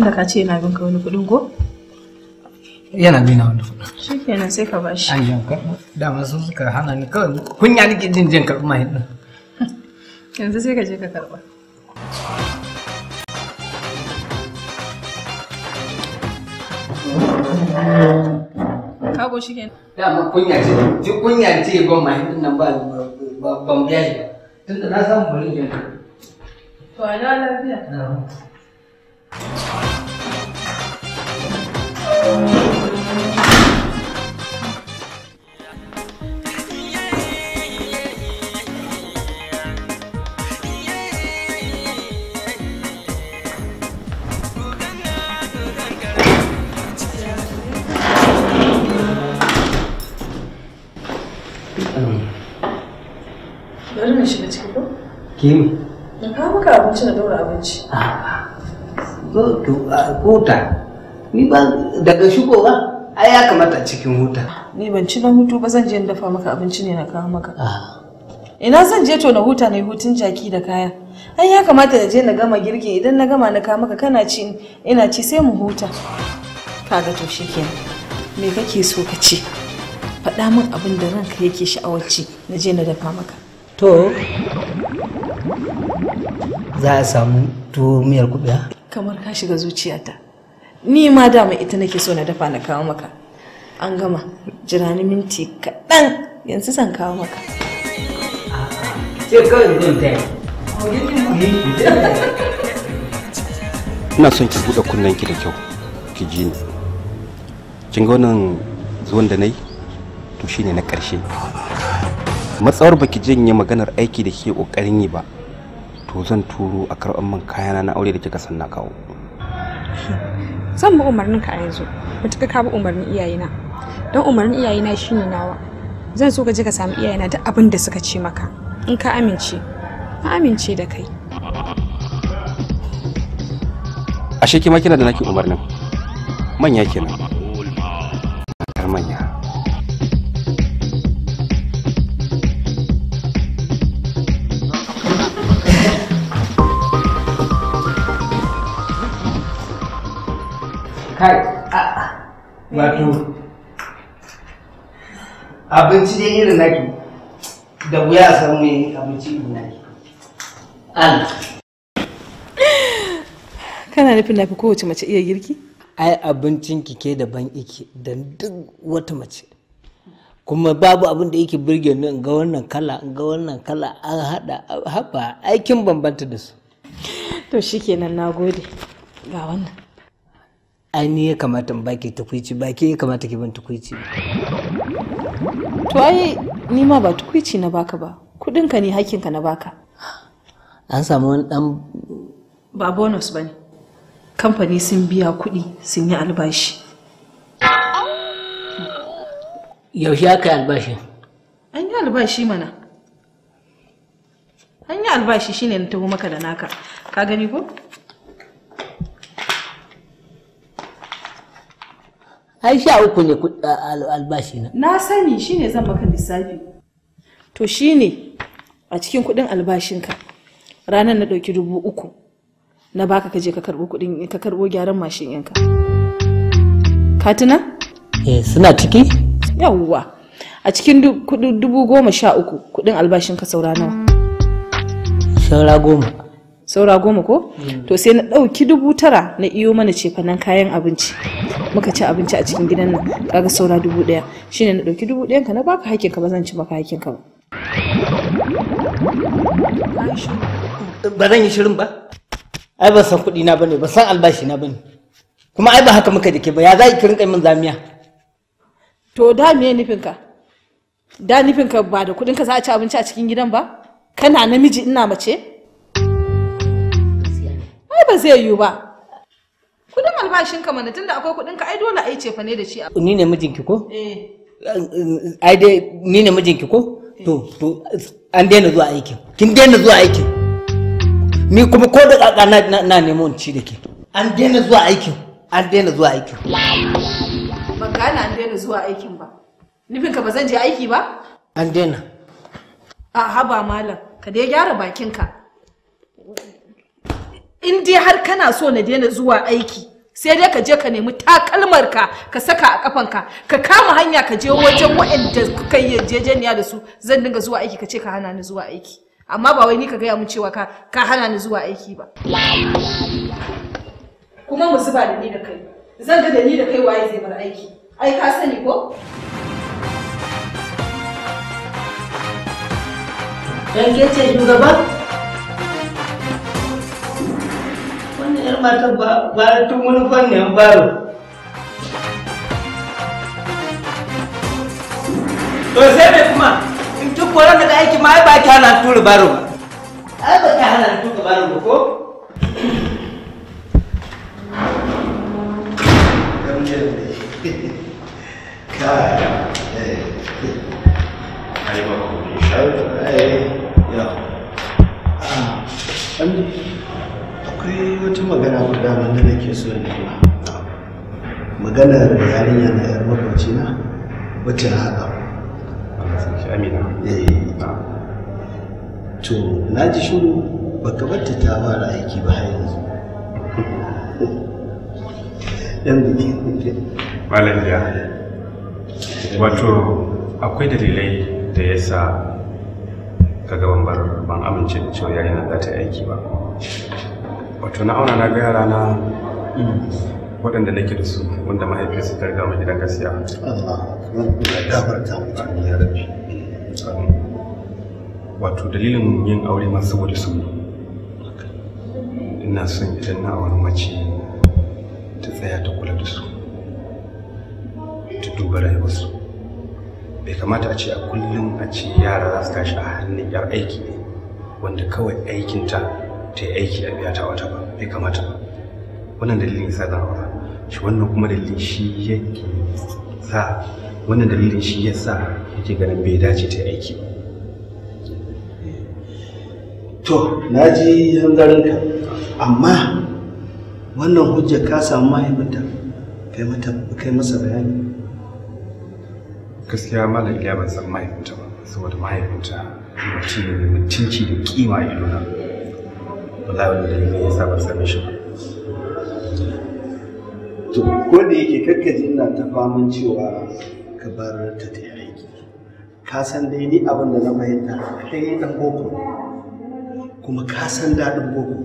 da ka ce yana binka wani kudin ko yana bina wani kudin. shi kenan sai ka bashi ayyan yanka, dama sun suka hana ni kawai kunya nake jin jin karɓi mahin ɗin yanzu sai ka je ka karɓa kago shi kenan dama kunya ce duk kunya ce ban mahin ɗin nan ba ban biya shi ba tunda na samu bari jin to a lafiya bari na Na kawo maka abinci na daura abinci. Ah, ni ba daga ai ya kamata cikin ni ban ci na hutu ba zan je dafa maka abinci ne na kawo maka ah. ina zan je to na huta ne hutun jaki da kaya ai ya kamata na je na gama girki idan na gama na kawo maka kana ci ina ci sai mu huta kaga to shikenan me kake so ka ci faɗa min abin da ranka yake sha'awar ci na je na dafa maka to za a samu tuwo miyar kuɓewa kamar ka shiga zuciyata ni ma dama ita nake so na dafa na kawo maka an gama jira ni minti kaɗan yanzu zan kawo maka ina son ki buɗe kunnen ki da kyau ki ji ni kin ga wannan zuwan da nayi to shine na ƙarshe matsawar baki janye maganar aiki da ke ƙoƙarin yi ba to zan turo a karɓar man kayana na aure da kika san na kawo zan bi umarnin ka a yanzu matuƙa ka bi umarnin iyayena don umarnin iyayena shine nawa zan so ka je ka samu iyayena duk abin da suka ce maka in ka amince ka amince da kai ashe kima kina da naki umarnin manya kenan kai wato abinci dai irin naki da wuya san mai abinci irin naki Allah kana nufin nafi kowace mace iya girki ai abincin kike ban ike da duk wata mace kuma babu abin da yake birge ni ga wannan kala ga wannan kala an hada haba aikin bambanta da su to shikenan nagode ga wannan ainihi ya kamata in baki tukwici baki ya kamata ki ban tukwici to ai ni ma ba tukwici na baka ba kudinka ne hakinka na baka an samu wani dan ba bonus bane kamfani sun biya kuɗi sun yi albashi yaushe aka yi albashi an yi albashi mana an yi albashi shine na taho maka da naka ka gani ko ai sha uku ne albashi na na sani shine zan maka lissafi to shine a cikin kudin albashinka ranar na dauki dubu uku na baka kaje ka karbo kudin ka karbo gyaran mashin yanka katina eh suna ciki yawwa a cikin dubu goma sha uku kudin albashinka saura nawa saura goma saura goma ko mm. to sai na ɗauki dubu tara na iyo mana cefanen kayan abinci muka ci abinci a cikin gidan nan kaga saura dubu ɗaya shine na ɗauki dubu ɗayan ka na baka hakkin ka ba zan ci maka hakkin ka ba ba zan yi shirin ba ai ba san kuɗi na bane ba san albashi na bane kuma ai ba haka muka dake ba ya za ki rinka min zamiya to da me nufin ka da nufin ka ba da kuɗin ka za a ci abinci a cikin gidan ba kana namiji ina mace ba zai yiwu ba kudin albashin ka mana tunda akwai kudin ka ai dole ai cefa ne da shi ni ne mijinki ko eh ai dai ni ne mijinki ko to to an daina zuwa aikin kin daina zuwa aikin ni kuma ko da kaka na na nemo in ci da ke an daina zuwa aikin an daina zuwa aiki. ban gane an daina zuwa aikin ba nufin ka ba zan je aiki ba an daina a haba malam ka dai gyara bakin ka in dai har kana so na daina zuwa aiki sai dai ka je ka nemi takalmar ka ka saka a kafanka ka kama hanya ka je wajen waɗanda kuka yi yarjejeniya da su zan dinga zuwa aiki ka ce ka hana ni zuwa aiki amma ba wai ni ka gaya mun cewa ka ka hana ni zuwa aiki ba kuma mu zuba da ni da kai zan ga da ni da kai waye zai bar aiki ai ka sani ko Dan ke ce shugaba? yar mata ba tun wani fannin baro to sai me kuma in ki kora daga aiki ma ba ki hana tura baro ba ai ba ki hana tura baro ba ko kai ai ba ku ne akwai wata magana guda wanda nake so ba? magana maganar yarinya na yar makwabci na wacce haɗa eh. to na ji shiru baka barta ta fara aiki ba yanzu yanzu kuke. ya wato akwai dalilai da ya sa kaga ban amince da cewa yarinya za ta aiki ba wato na auna na ga yara na mm, waɗanda nake da su wanda mahaifin su targa mu gidan gaskiya wato dalilin yin aure ma saboda su ina son idan na auri mace ta tsaya ta kula da su ta duba rayuwarsu bai kamata a ce a kullum a ce yara za su tashi a hannun yar aiki ne wanda kawai aikinta ta yi aiki a biya ta wata ba bai kamata ba wannan dalilin sa zan aura shi wannan kuma dalilin shi yake sa wannan dalilin shi ya sa yake ganin bai dace ta yi aiki ba to na ji hanzarinka amma wannan hujjar ka samu mahimmanta kai mata kai masa bayani gaskiya malam iliya ban san mahaifinta ba saboda mahaifinta mutum ne mutunci da kima a ilona wallahi da dalilin ya saba same shi to ko da yake kakka ina ta faman cewa ka bar ta ta aiki ka san dai ni abin da na fahimta kai dan boko kuma ka san daɗin boko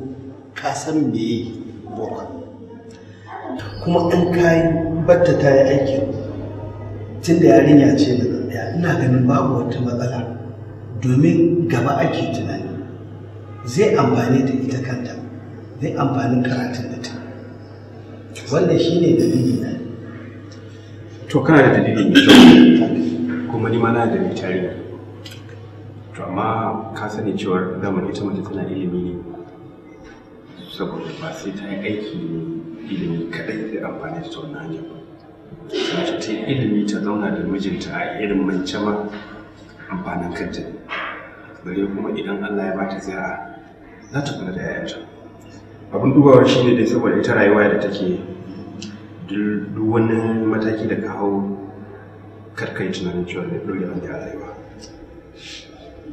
ka san me yi boko kuma in ka yi batta ta yi aiki tun da yarinya ce da ina ganin babu wata matsala domin gaba ake tunani zai amfani da ita kanta zai amfanin karatun da ta wanda shi ne dalili na to kana da dalili mai kyau kuma ni ma na da tare to amma ka sani cewar zamani ita mace tana ilimi ne saboda ba sai ta yi aiki ne ilimi kaɗai zai amfani da ta wannan hanyar ba ta yi ilimi ta zauna da mijinta a irin mance ma amfanin kanta ne bare kuma idan Allah ya bata zira za ta kula da yayanta abin dubawa shine dai saboda ita rayuwa da take duk wani mataki da ka hau karkai tunanin cewa ne dole an a rayuwa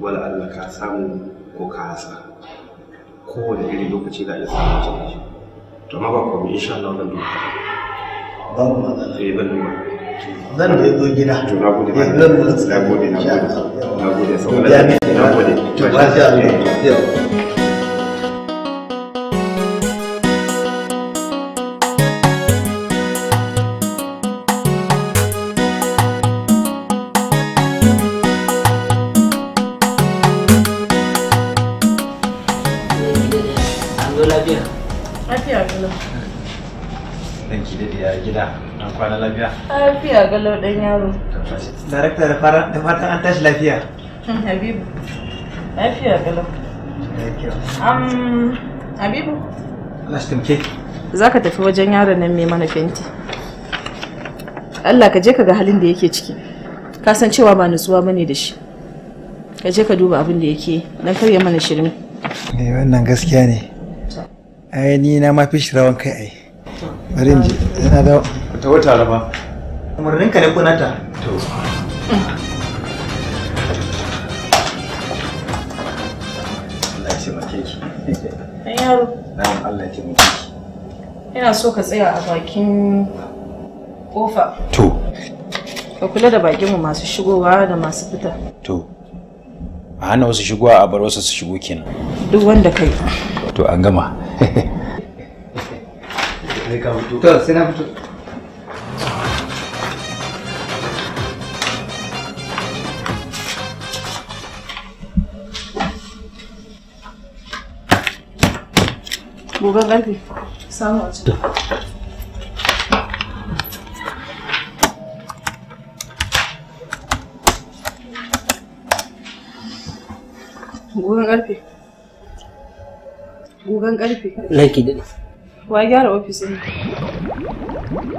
wala Allah ka samu ko ka hasa da iri lokaci za a iya ta to amma ba komai insha Allah zan duba ba da eh ban duba zan da yazo gida to na gode eh, na gode na gode na gode saboda na gode to ba sha Allah eh. lallau dan yaro darakta da fara da fatan an tashi lafiya habibu lafiya galau am habibu lastin ke za ka tafi wajen yaron nan mai mana fenti Allah ka je ka ga halin da yake ciki ka san cewa ba nutsuwa bane da shi ka je ka duba abin da yake dan kar mana shirme eh wannan gaskiya ne ai ni na ma fi shirawan kai ai bari in ji ina da ta wata ba umarnin ka ne kunata to Allah ya taimake ki dan yaro na'am Allah ya taimake ki ina so ka tsaya a bakin kofa to ka kula da bakinmu masu shigowa da masu fita to a hana wasu shigowa a bar wasu su shigo kenan duk wanda kai to an gama to sai na fito gobe gugan karfe gugan dade wa gyara ofis ne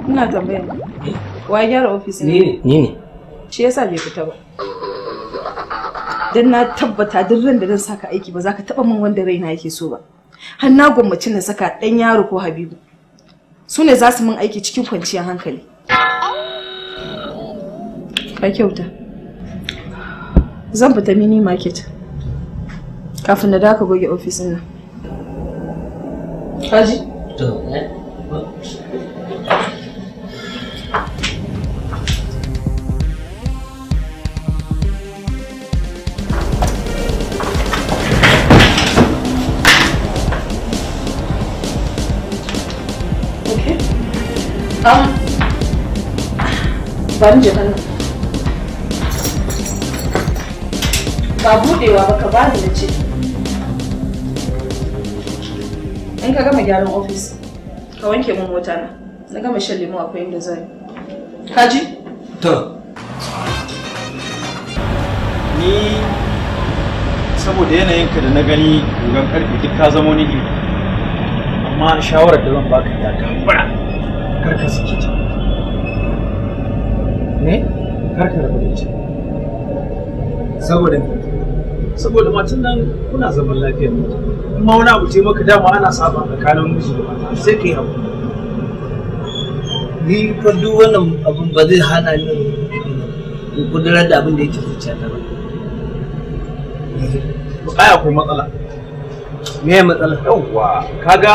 ina tambaya wa gyara ne ni ne shi yasa bai fita ba Don na tabbata duk ran da zan saka aiki ba za ka taɓa min wanda raina yake so ba har na gwammaci na saka ɗan yaro ko habibu su ne za su min aiki cikin kwanciyar hankali ka kyauta zan fita mini market kafin na daka goge ofisin nan kaji Um, ban jikan nan. Ba buɗewa ba ka bani da ce. In ka gama gyaran ofis, ka wanke min mota na. Na gama shan lemu akwai inda zai. Kaji? To. Ni saboda yanayin ka da na gani gugan karfe duk ka zama wani iri. Amma shawarar da zan baka ya ta karka sake ta ne karka rabu da ita saboda saboda matan nan kuna zaman lafiya ne kuma wani abu maka dama ana saba tsakanin miji da mata sai kai abu ni fa duk wannan abun ba zai hana ni in kudurar da abin da yake zuciya ta ba bukaya ko matsala me matsala yawwa kaga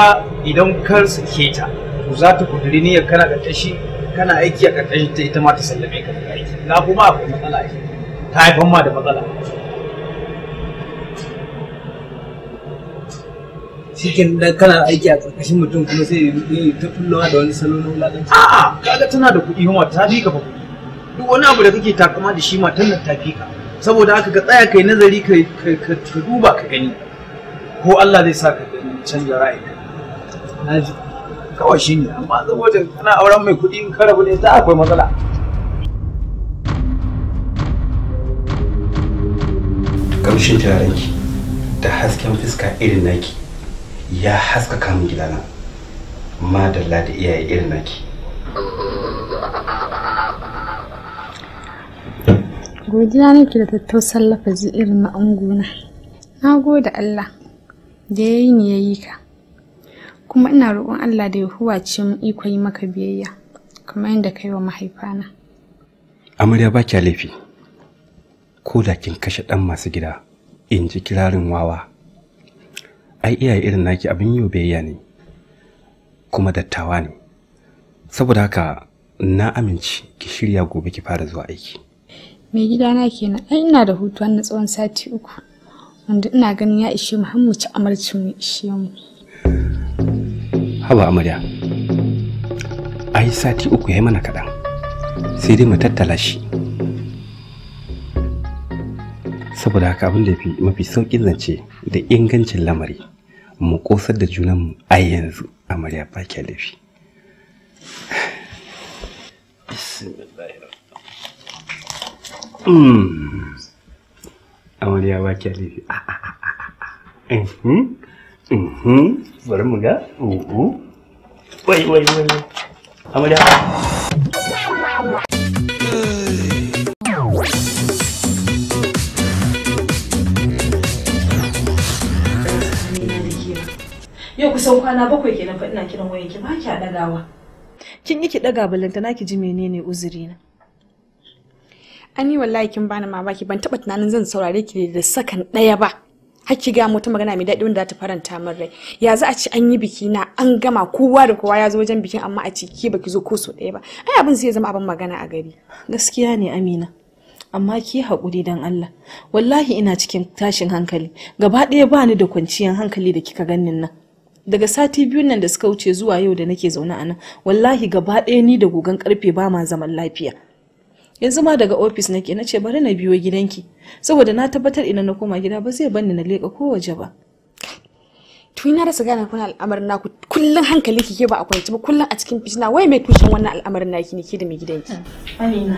idan kar su sake ta wato za ta kuduri niyyar kana ƙarƙashi kana aiki a ƙarƙashin ta ita ma ta sallame ka daga aiki na kuma akwai matsala ake ta haifan ma da matsala shikin da kana aiki a ƙarƙashin mutum kuma sai yi ta fullowa da wani salo na wulaƙanci a'a kaga tana da kuɗi kuma ta fi kuɗi duk wani abu da kake takama da shi matan nan ta fi ka saboda haka ka tsaya kai nazari ka duba ka gani ko Allah zai sa ka canza ra'ayi na kawai shi ne amma saboda kana auren mai kuɗi in karabu ne ta akwai matsala kamshin tunaninki da hasken fuska irin naki ya haska kamun gidana madalla da iyaye irin naki godiya nake da tattausan lafazi irin na na gode Allah da ya yi ni ya yi ka kuma ina roƙon Allah da Yahuwa huwace mu iko yi maka biyayya kamar yadda yi wa mahaifana. Amarya ba kya laifi, ko da kin kashe ɗan masu gida in ji kirarin wawa. Ai iyaye irin naki abin yi biyayya ne, kuma dattawa ne. Saboda haka na amince ki shirya gobe ki fara zuwa aiki. Mai na kenan, ai ina da hutu na tsawon sati uku, wanda ina ganin ya ishe mu har mu ci amarcin mu ishe mu. haba amarya ai sati uku ya yi mana kaɗan sai dai mu tattala shi saboda haka abin da fi mafi saukin zance da ingancin lamari mu ƙosar da junanmu a yanzu amarya ba kya laifi hmm. amarya ba a laifi ah, ah, ah, eh, hmm? bari mu ga uhu wai wai wai amarya yau kusan kwana bakwai kiran ki ba ki kin yi ki daga balanta naki ji menene uzuri na ani wallahi kin bani mamaki ban taɓa tunanin zan saurare ki da sakan ɗaya ba hakki ga mutum magana mai daɗi wanda za ta faranta min rai ya za a ci an yi biki na an gama kowa da kowa ya zo wajen bikin amma a ciki baki zo ko so ɗaya ba ai abin sai ya zama abin magana a gari gaskiya ne amina amma ki haƙuri dan Allah wallahi ina cikin tashin hankali gaba ɗaya ba ni da kwanciyar hankali da kika ganin nan daga sati biyun nan da suka wuce zuwa yau da nake zaune a nan wallahi gaba ɗaya ni da gogon karfe ba ma zaman lafiya yanzu ma daga ofis nake na ce bari na biyo gidanki saboda na tabbatar ina na koma gida ba zai bani na leƙa ko waje ba tuni na rasa gane kuna al'amarin na kullum hankali kike ba a kwance ba kullum a cikin fitina wai mai tushen wannan al'amarin naki ne ke da mai gidanki ah, amina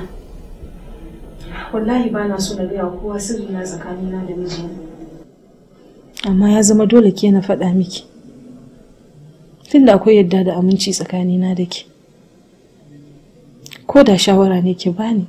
wallahi ba na so na gaya kowa sirri na tsakanina da mijina amma ya zama dole ke na faɗa miki tunda akwai yadda da aminci tsakanina da ke ko da shawara ne ke bani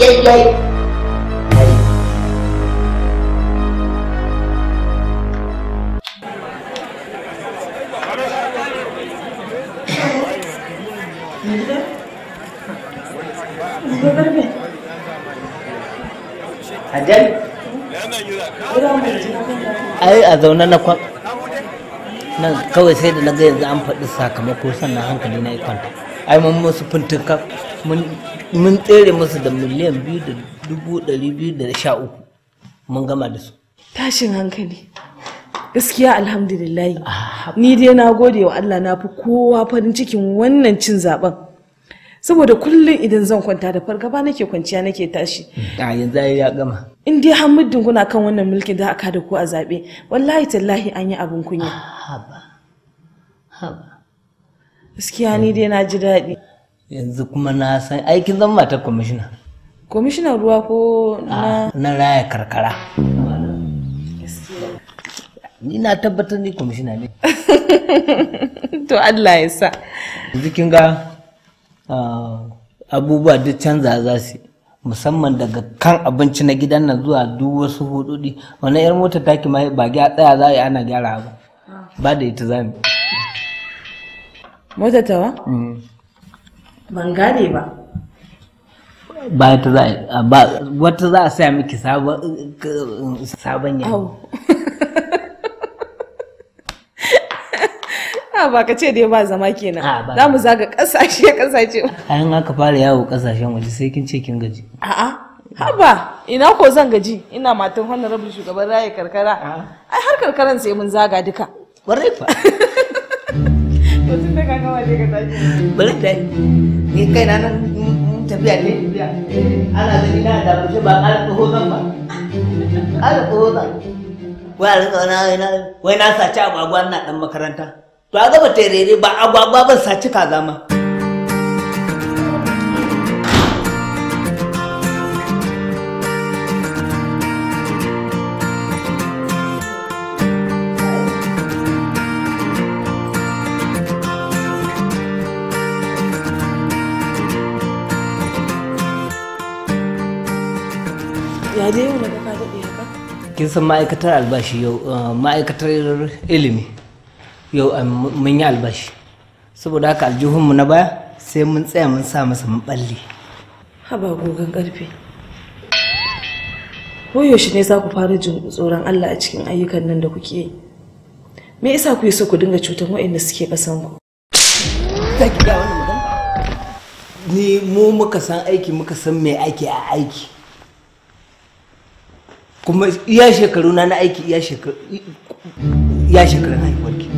Yeah, yeah. a zaune na kwan nan kawai sai da na ga yanzu an faɗi sakamako sannan hankali na kwanta ai mun musu fintinka mun tsere musu da miliyan biyu da dubu ɗari biyu da sha uku mun gama da su tashin hankali gaskiya alhamdulillahi ni dai na gode wa allah na fi kowa farin cikin wannan cin zaben saboda kullum idan zan kwanta da fargaba nake kwanciya nake tashi a yanzu ya gama in dai har muddin kuna kan wannan mulkin da aka da ku a zabe wallahi tallahi an yi abin kunya haba haba gaskiya ni dai na ji daɗi yanzu kuma na san aikin zan mata kwamishina kwamishinan ruwa ko ah, na na raya karkara ni na tabbatar ni kwamishina ne to Allah ya sa zikin ga Ah, abubuwa duk canza za su musamman daga kan abinci na gidan nan zuwa duk wasu hududi wannan yar motar taki ma ba gya tsaya za a yi ana gyara ba ba da ita za mu motar tawa mm. ban gane ba ba ta za a ah, wata za a saya miki eh, eh, sabon yau a ba ka ce dai ba zama kenan ah, za mu zaga kasashe kasashe a yan aka fara yawo kasashen waje sai kin ce kin gaji a'a haba ina ko zan gaji ina matan honorable shugaban raya karkara ah. ai har karkaran sai mun zaga duka warai fa yanzu da kaga waje ka tashi bari dai ni kai na nan tafiya ne tafiya ana da ina da buje ba ƙara tsoho zan ba ƙara tsoho zan wai a na wai na sace abagwan na ɗan makaranta to a gama terere ba agwagwa ban saci kaza ma ya kin san ma'aikatar albashi yau eh, ma'aikatar ilimi yau eh, mun yi albashi saboda haka aljihunmu na baya sai mun tsaya mun sa masa mun balle haba gogon karfe shi ne za ku fara jin tsoron allah a cikin ayyukan nan da kuke yi me yasa ku yi so ku dinga cutar waɗanda suke kasan ku ni mu muka san aiki muka san me ake a aiki kuma iya shekaru na na aiki iya shekaru shekaru shekarun haihuwarki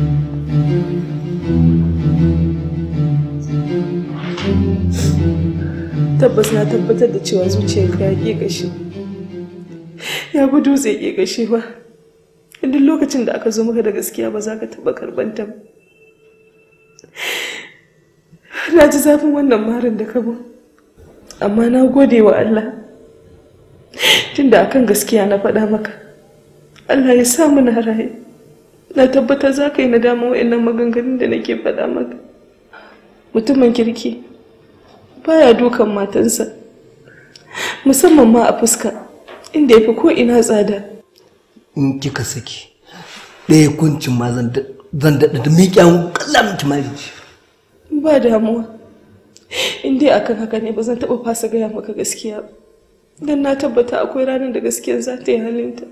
tabbas na tabbatar da cewa zuciyarka ya ƙi gashi ya bu dutse ƙi gashi ba duk lokacin da aka zo maka da gaskiya ba za ka taɓa karɓar ba na ji zafin wannan marin da ka bu amma na gode wa Allah tunda akan gaskiya na faɗa maka Allah ya sa mu na raye na tabbata za ka yi nadama wa'annan maganganun da nake faɗa maka mutumin kirki baya dukan matansa musamman ma a fuska inda ya fi ko ina tsada in kika saki ɗaya kuncin ma zan daɗa da miƙe an kalla miki mari ba damuwa in dai akan haka ne ba zan taɓa fasa gaya maka gaskiya don na tabbata akwai ranar da gaskiyar za ta yi halinta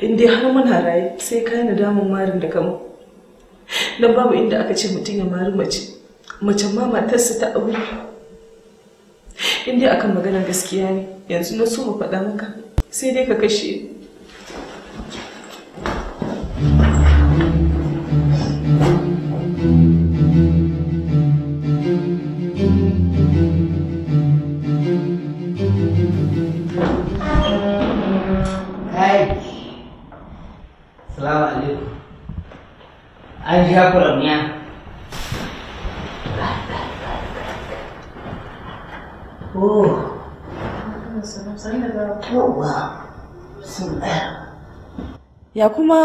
in dai har muna raye sai kayan yi damun marin da kama don babu inda aka ce mutum ya mari mace mace ma matarsa ta aure in dai akan maganar gaskiya ne yanzu na so mu faɗa maka sai dai ka kashe Salamu alaikum. An sha Ya kuma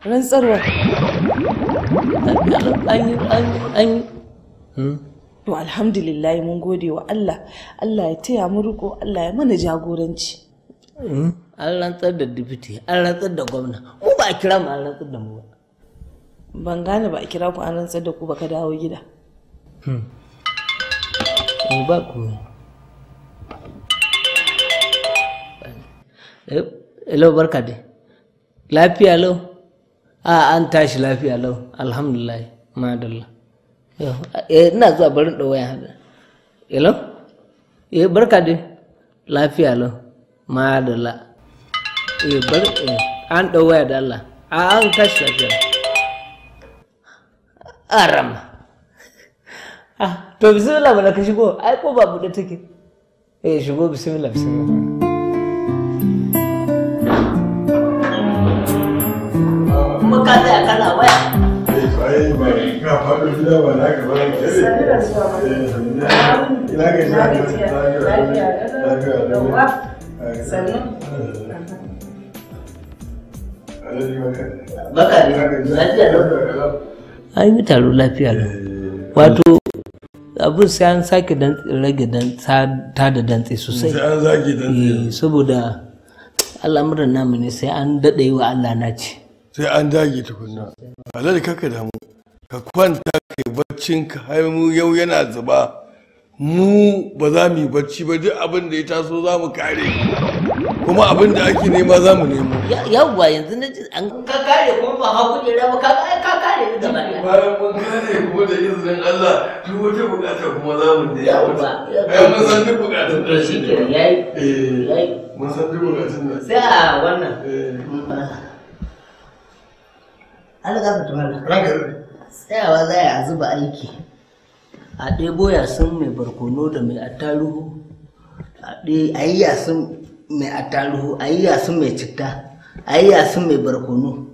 rantsarwar? An hmm? To alhamdulillah mun gode wa Allah, Allah ya taya mu riko, Allah ya mana jagoranci. Hmm? An rantsar da dibiti, an rantsar da gwamna, mu ba a kira mu an rantsar da mu ba. Ban gane ba a kira ku an rantsar da ku ba ka dawo gida. Hmm. Mu ba ku. Eh, hello barkade, Lafiya lau? A an tashi lafiya lau. Alhamdulillah. Madalla. Eh ina zuwa barin da waya. Hello? Eh barkade. Lafiya lau. Madalla. Eh bar eh, an da waya da Allah. A an tashi lafiya. Aram. Ah, to bismillah mana ka shigo. Ai ko babu da take. Eh shigo bismillah bismillah. ka taya kana waya. Eh, eh, an yi eh. wato abin sai an sake dantse rage da dantse sosai saboda al'amuran namu ne sai an daɗe wa allah na ce sai an dage tukunna alal kaka damu ka kwanta kai baccin ka har mu yau yana zuba mu ba za mu yi bacci ba duk abin da ya taso za mu kare kuma abin da ake nema za mu nemo yawwa yanzu na ji an ka kare kuma ba ma kuɗi ba ka ka kare da ba ɗaya bayan mun kare kuma da izinin Allah duk wata bukata kuma za mu ne yawwa ai mun san duk bukatun da shi ne yayi eh, yayi mun san duk bukatun da sai a wannan eh, an gafa tumala tsayawa za a zuba aiki a ɗebo yasin mai barkono da mai attaruhu a yi yasin mai attaruhu a yi yasin mai citta a yi yasin mai barkono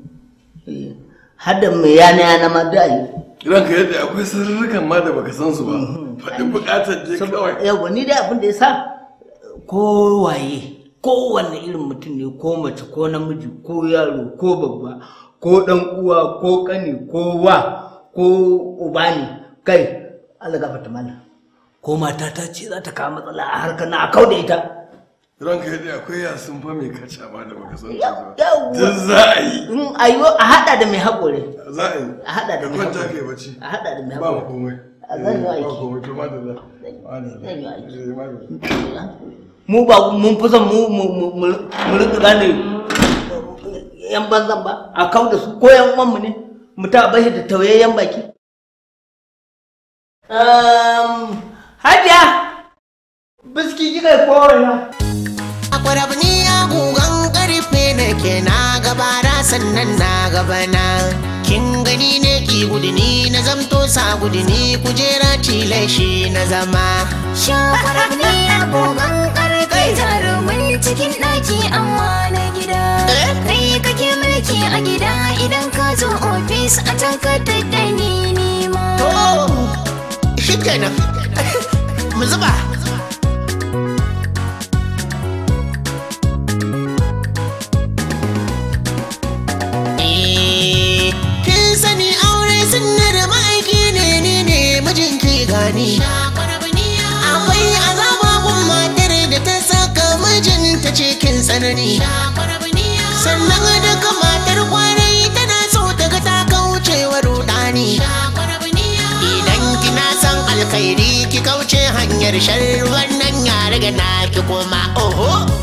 eh, har mai yana yana ma da yi idan ranka yadda akwai sirrikan ma da baka san su ba mhm. faɗi bukatar je kawai yawa ni dai abin da ya sa kowaye kowanne irin mutum ne ko mace ko namiji ko yaro ko babba ko ɗan uwa ko ƙani ko wa ko uba ne kai Allah mana ko mata ta ce za ta kawo matsala a harkar na a da ita ranka yadda akwai sun fa mai kaca ba da baka san ta ba duk za a yi ayo a hada da mai haƙore za a yi hada da mai haƙore a hada da mai haƙore eh, ba komai mu yi aiki eh, mu mu mu mu mu mun mu mu mu mu mu mu gane yan banzan ba a kawo da su ko yan uwanmu ne mu ta bashi da tauyayyen baki um, hajiya biski kika kowai na a kwarabni ya gugan karfe na ke na gaba gabara sannan na gaba na kin gani ne ki guduni na zamto sa guduni kujera tilai shi na zama shin ni ya gugan karfe jarumin cikin ɗaki amma na gida kai eh? kake mulki a gida idan ka zo ofis a takardar da ni nema mu zuba tsanani sannan daga matar kwarai tana so ta ga ta wa rudani idan kina san alkhairi ki kauce hanyar sharri wannan ya riga na ki koma oho